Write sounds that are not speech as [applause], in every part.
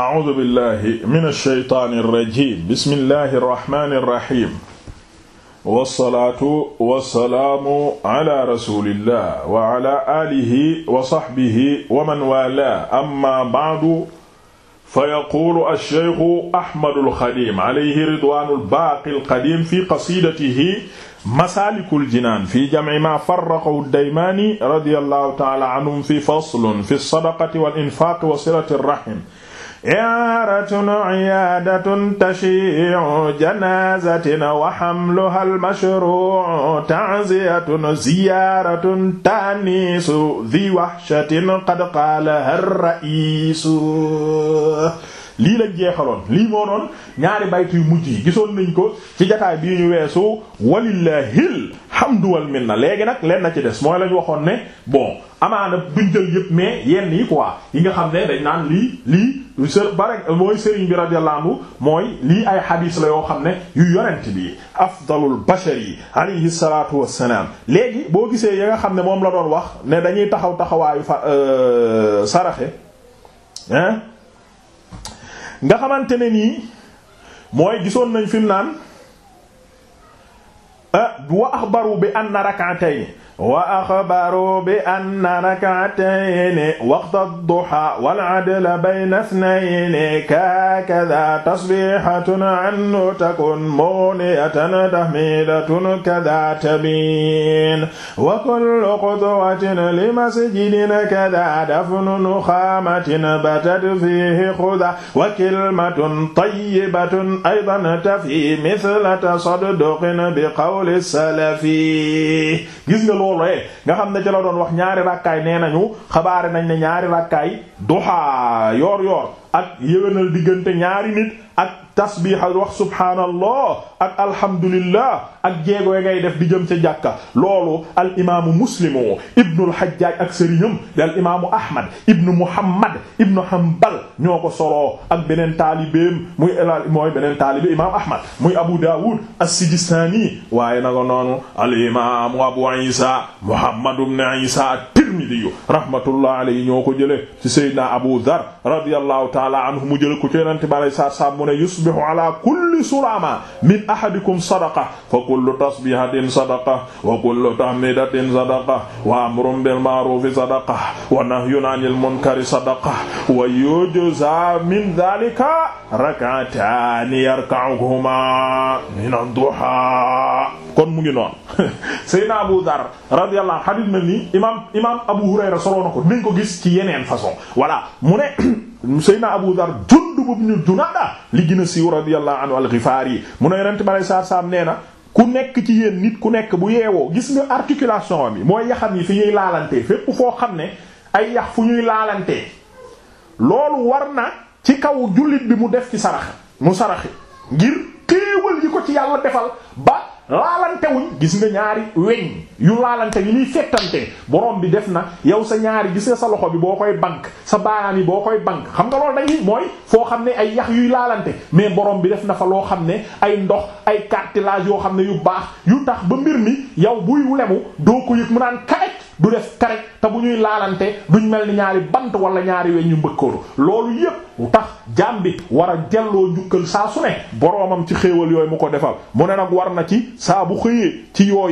a'uudu billahi mina shaytaani rajiim bismillahi rahmaani rahiim. wasalaatu wasalaamu ala rasulillah wa ala alihi wa sahbihi wa man waalaahu amma ba'du fa yaquulu ash-shaykhu Ahmadul Xadiim alayhi ridwaanul baaqil qadiim fi qasiidatihi masaalikul jinaan fi jamci maa farraqahu ad-Daymaani radiyallahu ta'aala anhum fi faslin fi sadaqati wal infaaqi wa silati rahim i'aratun iyaadatun tashyi'u janaazatin wa hamluha al-mashru'u ta'ziyatun ziyaaratun taaniisu dhi wahshatin qad qaalaha ar-ra'iisu lii lañ jeexaloon lii moo doon ñaari baytu yu mujj yi gisoon nañ ko ci jataay bii ñu weesu walillahil hamdu wal minna léegi nag leen na ci des mooy lañ waxoon ne bon amaana duñ jël yëpp mais yenn yi quoi yi nga xam ne dañ naan lii lii së bare mooy sëriñ bi radiyallahu anhu mooy lii ay xadiis la yoo xam ne yu yonent bi afdalul bashari alayhi salaatu wassalaam léegi boo gisee ya nga xam ne moom la doon wax ne dañuy taxaw taxawaayu fa euh, saraxe nga xamante ne nii mooy gisoon nañ fi naan ah, wa axbaru bi anna rak'atayn wa axbaru bi anna rak'atayni waqta ad-duha wal 'adla bayna ithnayni kakadha tasbihatun 'anhu takun muniyatan tahmidatun kadha tabin wa kullu qudwatin li masjidin kadha dafnun khamatin batat fihi khudha wa kalimatun tayyibatun aydan tafi mithla tasadduqin bi qawli salafi loolee nga xam ne ci la doon wax ñaari rakkaay nee nañu xabaare nañ ne ñaari rakkaay duha yoor yor ak yëwénal diggante ñaari nit ak tasbiixa wax subhaanallah ak alhamdulillah ak jéego yi ngay def di jëm ca jàkka loolu al imaamu muslimu ibnul hajjaaj ak sëriñam di al imaamu ahmad ibnu muhammad ibnu hanbal ñoo ko soloo ak beneen taalibeem muy mooy beneen taalibe imaamu ahmad muy abu daawud as-sijistaani waaye naka noonu al imaamu abu isa muhammad ibnu isa Tirmidi rahmatullah alayhi ñoo ko jëlee ci Seydina Abu Dhar radiyallahu taala anhu mu jëlee ko ci Yonent bi alayhi salaatu salaam mu ne yusbihu ala kulli sulaama min ahadikum sadaqa fa kullu tasbihatin sadaqa wa kullu tahmidatin sadaqa wa amrun bil ma'rufi sadaqa wa nahyun anil munkari sadaqa wa yujza min dhalika rak'atani yarka'uhuma min ad-duha kon mu ngi noonu [laughs] Seydina Abu Dhar radiyallahu hadith na ni imam imam imaam Abu Hurayra soloo na ko dinañ ko gis ci yeneen façon voilà mu ne [clears throat] Seydina Abu Dar Jundub ibn Junaada li gën a siiw radiyallahu anhu al yi mu ne Yonent bi alayhi salaam nee na ku nekk ci yéen nit ku nekk bu yeewoo gis nga articulation am yi mooy yaxam yi fi ñuy laalante fépp foo xam ne ay yax fu ñuy laalante loolu war na ci kaw jullit bi mu def fi sarax mu saraxi ngir. xéewal yi ko ci yàlla defal ba laalante wuñ gis nga ñaari weñ yu laalante yi ñuy fettante borom bi def na yow sa ñaari gis nga sa loxo bi boo koy bank sa baaraam yi boo koy bank xam nga loolu dañuy mooy foo xam ne ay yax yuy laalante mais borom bi def na fa loo xam ne ay ndox ay cartilage yoo xam ne yu baax yu tax ba mbir mi yow buy lemu doo ko yëg mu naan karaj du def karaj te bu ñuy laalante duñ mel ni ñaari bant wala ñaari weñ yu mbëkkooru loolu yépp tax jaam bi war a jelloo jukkal saa su ne boroomam ci xéewal yooyu mu ko defal mu ne nag war na ci saa bu xëyee ci yoo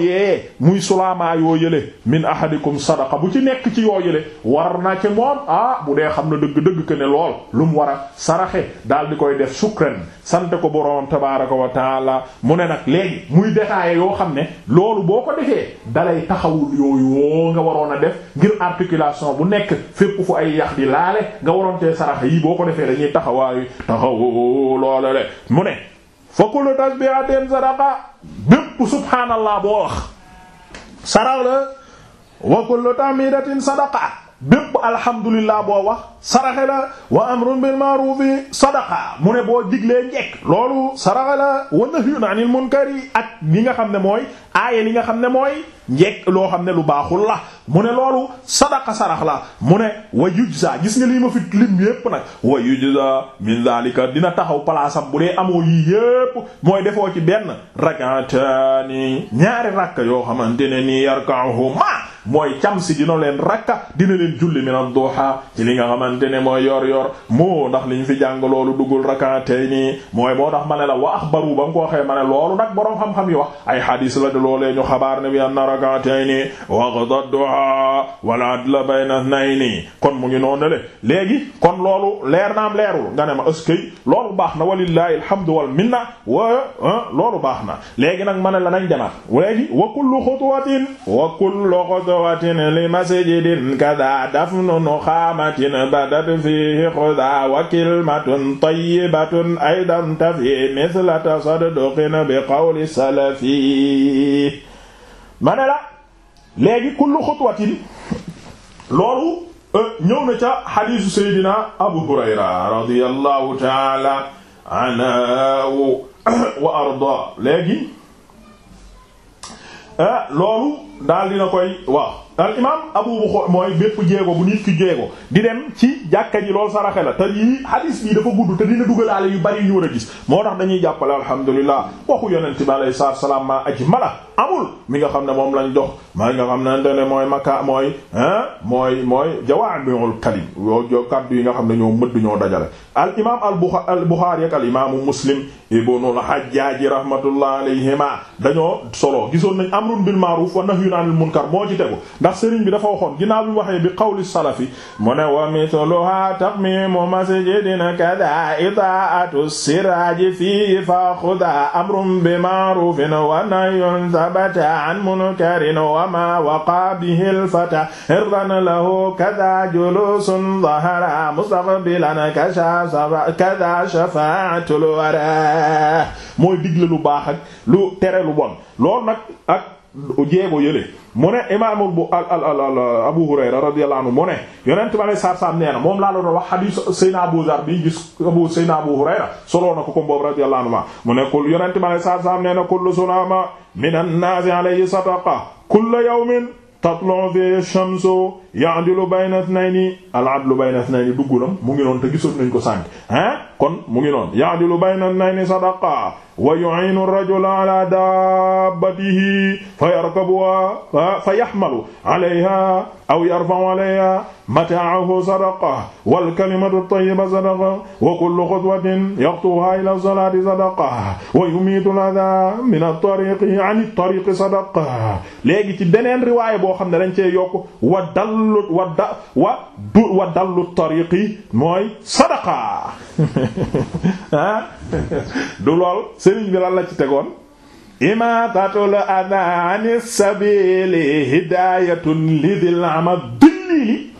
muy sulaamaa yoo yële min ahadikum sadaqa bu ci nekk ci yoo yële war na ci moom ah bu dee xam na dëgg-dëgg que ne lool lu mu war a saraxe daal di koy def sukran sant ko boroomam tabaaraka wa taala mu ne nag léegi muy détaillé yoo xam ne loolu boo ko defee dalay taxawul yooyu nga waroon a def ngir articulation bu nekk fépp fu ay yax di laale nga waroon ko def defee dañuy taxawaayu taxawu loolu le mu ne fokkulu tasbihateen sadaqa bépp subhaanallah boo wax sarax la wa kullu tahmidatin sadaqa bépp alhamdulillah boo wax saraxe la wa amrun bil ma'rufi sadaqa mu ne boo diglee njekk loolu saraxe la wa nahyun anil ak li nga xam ne mooy aaye li nga xam ne mooy njekk loo xam ne lu baaxul la mu ne loolu sadaqa sarax la mu ne wa yujza gis nga lii ma fi lim yépp nag wa yujza min zalika dina taxaw palaasam bu dee amoo yii yépp mooy defoo ci benn rak'atani ñaari rakk yoo xamante ne nii yarka'uhuma mooy camsi dina leen rakka dina leen julli min ad-duha ci li nga xamante mooy yor yor moo ndax li ñu fi jàng loolu duggul rakkaatey mooy moo tax ma la wa axbaru ba nga ko waxee ma ne loolu nag boroom xam-xam yi ay hadis la de loolee ñu xabaar ne bi anna rakkaatey nii waqda duha wala adla bayna nayni kon mu ngi noonu le léegi kon loolu leer naam leerul nga ne ma ëskey loolu baax na wa walillahi alhamdu wal minna wa loolu baax na léegi nag ma ne la nañ demaat léegi wa kullu xudwatin li masjidin kada dafnu nuxaamatin badat fiihi xuda wa kilmatun tayyibatun aydan tafi misla tasadduqin bi qawli salafi ma ne la léegi kullu xutwatin loolu euh, ñëw na ca xadiisu seydina abu hurayra radiyallahu taala anhu wa arda léegi Eh, loolu daal dina koy waaw al imam abu bu mooy bépp jéego bu nit ki jéego di dem ci jàkka ji loolu saraxe la te yi hadis bii dafa gudd te dina dugalaale yu bari ñu war a gis moo tax dañuy jàppale alhamdulilah waxu yonente bi alayhi salaatu wa salaam maa ajmala amul mi nga xam ne moom lañ dox maa nga xam ne ne mooy makka mooy mooy mooy jawaami'ul kalim yoo kaddu yi nga xam ne ñoo mëdd ñoo dajale al imam al Buxaari ak al imaamu Muslim ibnul Hajjaaj rahmatullah alayhima dañoo solo gisoon nañ amrun bin ma'ruf wa nahyun anil munkar moo ci tegu ndax sëriñ bi dafa waxoon ginnaaw bi waxee bi qawli salafi mu ne wa mithluha taqmimu masjidin kada itaatu siraji fii faxuda amrun bi ma'rufin wa nahyun thabata an munkarin wa ma waqa bihi al-fata irdan lahu kada julusun dhahara mustaqbilan kada shafa'atul wara mooy digle lu baax ak lu tere lu bon loolu nag ak jeego yële mu ne imaamul bu al al al Abu Hurayra radiyallahu anhu mu ne yonent ma lay sarsam nee na moom laa la doon wax hadith Seyna Abu Zar bi gis Abu Seyna Abu Hurayra soloo na ko ko boobu radiyallahu anhu mu ne kul yonent ma lay sarsam nee na kullu sulama minan naasi alayhi sadaqa kullu yawmin tatlu fi shamsu ya'dilu bayna ithnayni al-'adlu bayna ithnayni duggulam mu ngi noonu te gisoon nañ ko sànq hein kon mu ngi noonu yaadilu bayna nayni sadaqa wa yu'inu ar-rajula ala dabbatihi fa yarkabuha fa yahmalu alayha aw yarfa'u alayha mata'ahu sadaqa wal kalimatu at-tayyiba sadaqa wa kullu khutwatin yaqtuha ila as-salati sadaqa wa yumitu al-adha min at-tariqi 'an at-tariqi sadaqa léegi ci beneen riwaaya boo xam ne dañ cee yokk wa dallu wa da wa du wa dallu at-tariqi mooy sadaqa [laughs] ah du lool sëriñ bi lan la ci tegoon imaatatul adaa anis sabili hidaayatun lidil amadi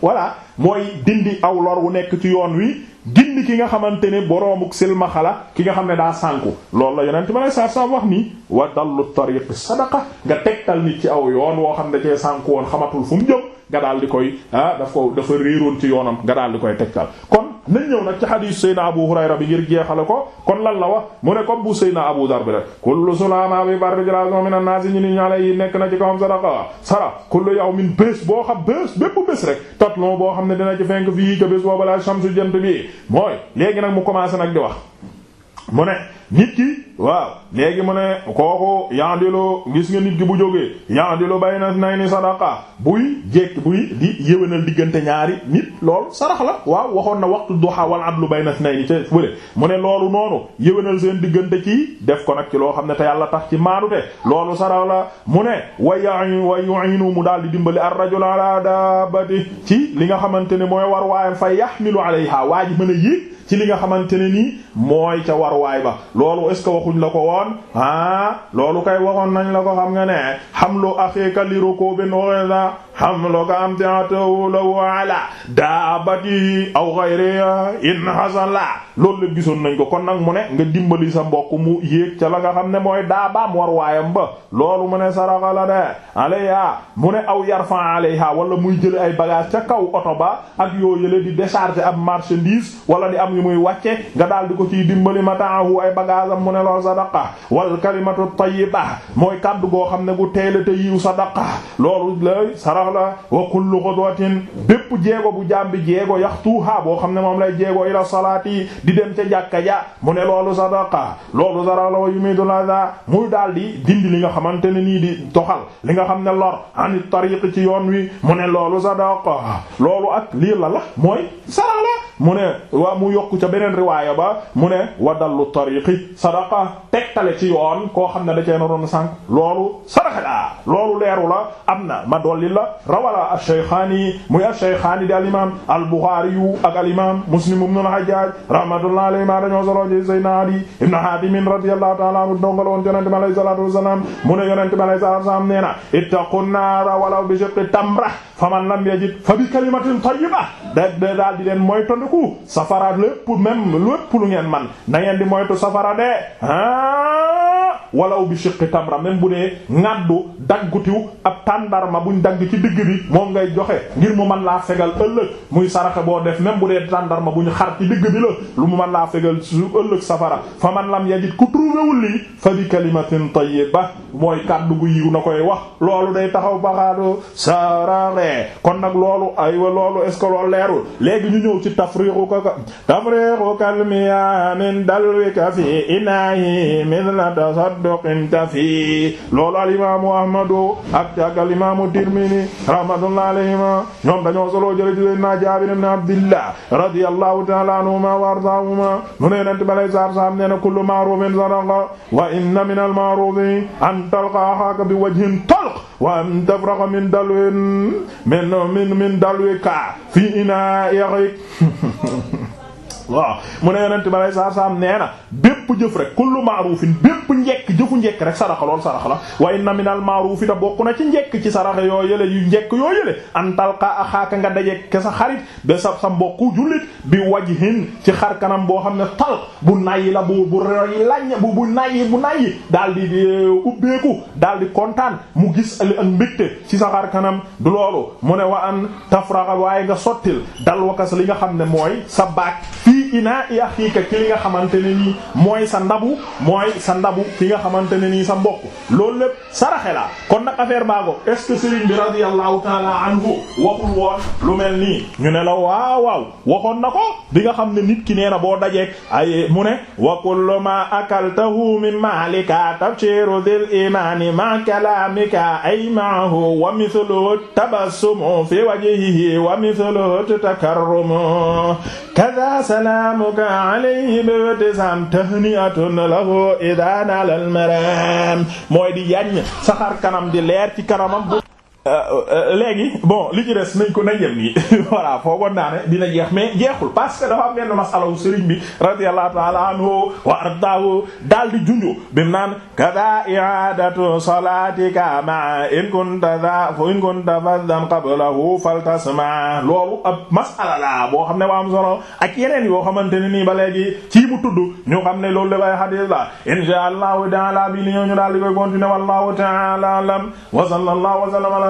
voilà mooy dindi aw lor wu nekk ci yoon wi gindi ki nga xamante ne boroomuk silmaxa la ki nga xam ne daa sànku loolu la yonent ma lay saa saa wax nii wa dallu tariq sadaqa nga tegtal nit ci aw yoon woo xam ne cee sànku woon xamatul fu mu jëp nga daal di koy ah daf ko dafa réeroon ci yoonam nga daal di koy tegtal kon nañ ñëw nag ci xadiis Seydina Abu Hurayra bi ngir jeexale ko kon lan la wax mu ne comme bu Seydina Abu Dar bi rek kullu sulama bi barbi jalaso mi na naa si ñu ni ñaale yi nekk na ci kawam sadaqa sara kullu yawmin bés boo xam bés bépp bés rek tatlon boo xam ne dina ci fenk fii ka bés boobu la shamsu jant bi mooy léegi nag mu commencé nag di wax mu ne nit ki waaw léegi mu ne kooku yandilu gis nga nit ki bu jógee yandilu bay na nay ni sadaqa buy jekk buy di yéwénal diggante ñaari nit lool sarax la waaw waxoon na waxtu duha wal adlu bay na nay ni ca mu ne loolu noonu yéwénal seen diggante ci def ko nag ci loo xam ne te yàlla tax ci maanute loolu sarax la mu ne wa yain wa yu'inu mu daal di dimbali ar-rajul ala dabati ci li nga xamante ne mooy war waayam fa yahmilu alayha ji mën a ci li nga xamante ne nii mooy ca warwaay ba loolu est-ce waxuñ la ko woon ah loolu kay waxoon nañ la ko xam nga ne xam lu axeeka li rokoo ben hamlu ka amti'atu law ala daabati aw ghayriha in la loolu lépp gisoon nañ ko kon nag mu ne nga dimbali sa mbokk mu yéeg ca la nga xam ne mooy daabaam war waayam ba loolu mu ne saraxa la de alayha mu ne aw yarfa alayha wala muy jële ay bagage ca kaw oto ba ak yoo yële di décharger ab marchandise wala di am yu muy wàcce nga daal di ko ciy dimbali mataahu ay bagage am mu ne loolu sadaqa wal kalimatu tayyiba mooy kàddu goo xam ne gu teela te yiw sadaqa loolu la wa kullu ghadwatin bépp jeego bu jaam jeego jeego yaxtuha boo xam ne moom lay jeego ila salaati di dem ca jàkka ja mu ne loolu sadaqa loolu sadaqa la wa yumidul adha muy daal di dindi li nga xamante ne nii di toxal li nga xam ne lor ani tariq ci yoon wi mu ne loolu sadaqa loolu ak liir la la mooy sadaqa la mu ne waa mu yokku ca beneen riwaaya ba mu ne wa dallu tariqi sadaqa tegtale ci yoon koo xam ne da cee naroon sànq loolu sadaqa loolu leeru la am na ma dolli la rawala ash-Shaykhaani muy ash-Shaykhaani di al-imaam al-Bukhaari yu ak al-imaam Muslim ibn al-Hajjaaj rahmatullahi alayhi ma dañoo solo ci Seydina Ali ibn Haatim radiyallahu ta'ala anhu dongaloon Yonent bi alayhi salaatu wa salaam mu ne Yonent bi alayhi salaatu wa salaam nee na ittaqu naara walaw bi shiqqi tamra faman lam yajid fa bi kalimatin tayyiba da daal di leen moytandiku safara lépp même lépp lu ngeen man na ngeen di moytu safara de ah. walaw bi shiqqi tamra même bu dee ŋàddu daggutiw ab tàndarma buñ dagg ci digg bi moom ngay joxe ngir mu man laa fegal ëllëg muy saraxe boo def même bu dee tàndarma buñ xar ci digg bi la lu mu man laa fegal su ëllëg safara fa man lam yajid ku trouvéwul lii fa bi kalimatin ba mooy kàddu gu yiw na koy wax loolu day taxaw baxaado sarare kon nag loolu aywa loolu est loolu leerul léegi ñu ñëw ci tafriqu ka ka tafriqu kalmiya min dalwika fi inahi mithla tasadduqin tafi loolu al imamu ahmadu ak ak al imamu tirmini rahmatullah alayhima ñoom dañoo soloo jële ci sayyidina jaabir ibn abdillah radiyallahu ta'ala anhuma wa ardaahuma mu ne yonent balay saar saam nee na kullu ma'rufin sadaqa wa inna min al ma'rufi an talqa axaaka bi wajhin talq wa an tafraqa min dalwin min min min dalwika fii inaa yaxik [laughs] waaw mu ne yonent bi alayhi salaam nee na bépp jëf rek kullu ma'rufin bépp njekk jëfu njekk rek saraxa lool saraxa la wa inna minal ma'rufi da bokk na ci njekk ci saraxa yoo yële yu njekk yoo yële an talqa axaaka nga daje ke sa xarit ba sa sa mbokku jullit bi wajhin ci xar kanam boo xam ne tal bu nayi la bu bu roy lañ bu bu nayi bu nayi daal di ubbeeku daal di kontaan mu gis ali ak mbégte ci sa xar kanam du loolu mu ne wa an tafraxa waaye nga sottil dal wakas li nga xam ne mooy sa baak fii inaa i axiika xamante ne nii mooy sa ndabu mooy sa ndabu ki nga xamante ne nii sa mbokk loolu lépp la kon nag affaire baago est-ce que Serigne bi radiyallahu taala anhu waxul woon lu mel nii ñu ne la waaw waaw waxoon ko bi nga xam ne nit ki nee na boo dajeek ay mu ne wa kullu akaltahu min malika tabshiru dil imani ma kalamika ay maahu wa mithluhu tabassumu fi wajhihi wa mithluhu takarrumu kadha salam salaamuka alayhi bibtisam tahniatun lahu idaa nalal maram mooy di yañ saxar kanam di leer ci kanamam Euh, euh, léegi bon li ci des nañ ko nañ yem nii [laughs] voilà foogoon naa ne dina jeex mais jeexul parce que dafa am benn masalawu sëriñ bi radiyallahu ta'ala anhu wa ardaahu daal di junju bim naan kada i'adatu salatika ma in kunta da fa in kunta faddan qablahu faltasma loolu ab masala la boo xam ne wa am solo ak yeneen yoo xamante ne ba léegi ci mu tudd ñu xam ne loolu dafay hadith la insha allahu taala bi li ñu daal di koy continuer wallahu ta'ala wa sallallahu wa sallama